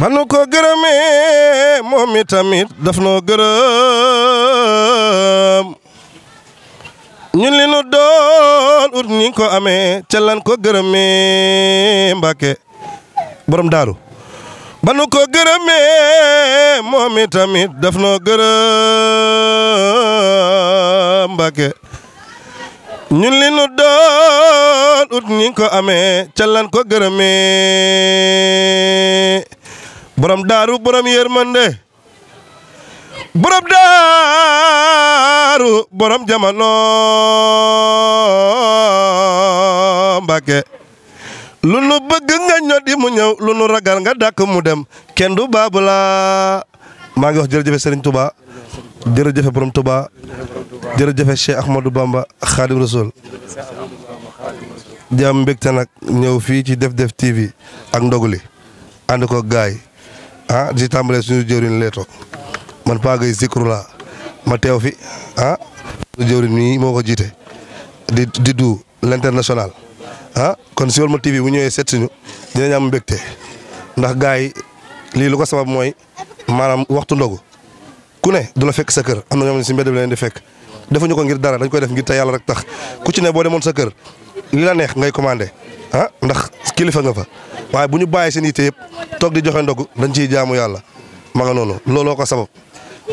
ba nu ko gërëmee moom itamit daf noo gërëm ñun li nu ko amee ca lan ko gërëmee Mbàkke borom daaru ba nu ko gërëmee moom itamit daf noo gërëm Mbàkke ñun li nu doon ut ñi ko amee ca lan ko gërëmee borom daru borom yermande borom daru borom jamano Mbake lu nu bëgg nga di mu ñew lu nu ragal nga dak mu dem kenn du baabu laa ngi wax jefe Serigne Touba jefe borom Touba jefe Cheikh Ahmadou Bamba Khadim Rasoul diam mbekté nak ñew fi ci Def Def TV ak ndoguli and ko gaay Ah di si tàmbalee suñu jëwriñ leeto man Paa Gueye Zikru laa ma teew fi ah suñu jëwriñ mii moo ko jiite di di du l'international ah kon Siweul ma TV u ñëwee seet suñu dinañ am mbégte ndax gars yi lii lu ko sabab mooy maanaam waxtu ndogu ku ne du la fekk sa kër am na ñoo xam si mbedd bi leen di fekk ñu ko ngir dara dañ koy def ngir te yàlla rek tax ku ci ne boo demoon sa kër li la neex ngay commandé. ah ndax kilifa nga fa waye buñu baye seen yitte yépp tok di joxe ndogu dañ ci jaamu yalla ma nga noonu lolo ko sabab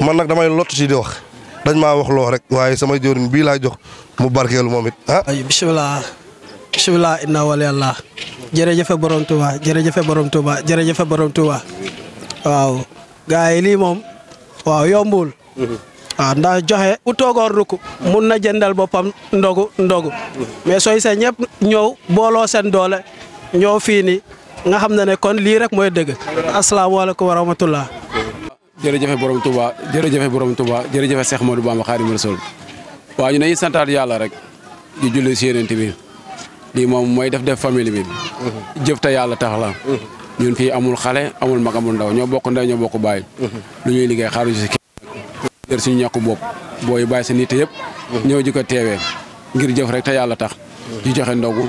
man nak damay lott ci di wax dañ ma wax lo rek waye sama jëwriñ bi la jox mu barkeelu momit it ah. bismillah bismillah inna wali allah jërëjëfe borom Touba jerejefe borom Touba jërëjëfe borom Touba waaw gaay li mom yombul. Mhm. waaw ndaa joxe ku toogoon rukk mun na jëndal boppam ndogu ndogu mais sooy sa ñëpp ñëw booloo seen doole ñëw fii nii nga xam ne ne kon lii rek mooy dëgg asalaamaaleykum wa rahmatullah jërëjëfe borom Touba jërëjëfe borom Touba jërëjëfe Cheikh Modou Bamba Khadim Rasoul waaw ñu nañu santaat yàlla rek di julli si yeneen bi lii moom mooy def def famille bi jëf te yàlla tax la ñun fii amul xale amul mag amul ndaw ñoo bokk ndaw ñoo bokk bàyyi lu ñuy liggéey xaaruñu yor suñu ñàkku bopp booy bàyyi seen yitte yëpp. ñëw ji teewee ngir jëf rek te yàlla tax. di joxe ndogu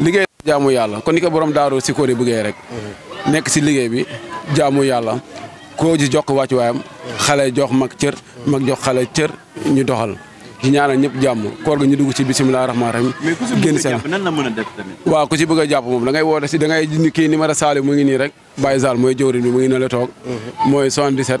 liggéey jaamu yàlla kon ni ko borom si kóor yi bëggee rek. si liggéey bi jaamu yàlla koo ji jox wàccu waayam. xale jox mag cër. mag jox xale cër ñu doxal. di ñaanal ñëpp jàmm koor ga ñu dugg ci bisimilah rahmaani rahim. génn seen nan la mën a def tamit. waaw ku ci bëgg a jàpp moom da ngay woote si da kii numéro Saliou mu ngi nii rek Baye Sall mooy jëwriñ bi mu ngi ne toog. Mm-hmm. mooy 77.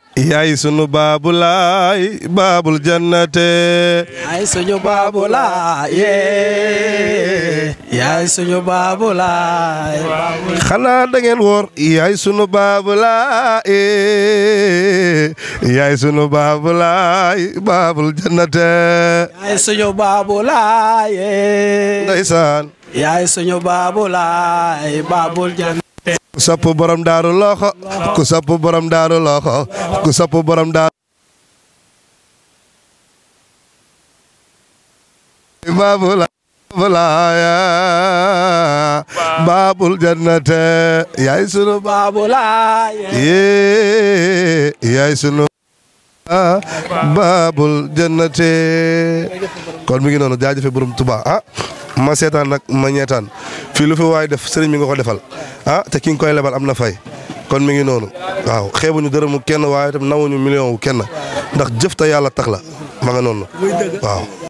yaay sunu baabu laay baabul jannate. yaay sunu baabu laay yaay sunu baabu laay. xanaa da ngeen woor. yaay sunu baabu laay yaay sunu baabu laay baabul jannate. yaay sunu baabu laay. ndeysaan. yaay sunu baabu laay baabul jannate. ku sopp borom daaru loxo ku sopp borom daaru loxo ku sopp borom daaru baabul laaya baabul jannate yaay sunu baabul laaya yee yaay sunu baabul jannate kon mi ngi noonu jaajëfe borom Tuubaa ah ma seetaan nag ma ñeetaan fii lu fi waaye def sëriñ mi nga ko defal ah te ki nga koy lebal am na fay kon mi ngi noonu waaw wu xeebuñu dërëmu kenn waaye tam ñu million wu kenn ndax jëf te yàlla tax la ma nga noonu waaw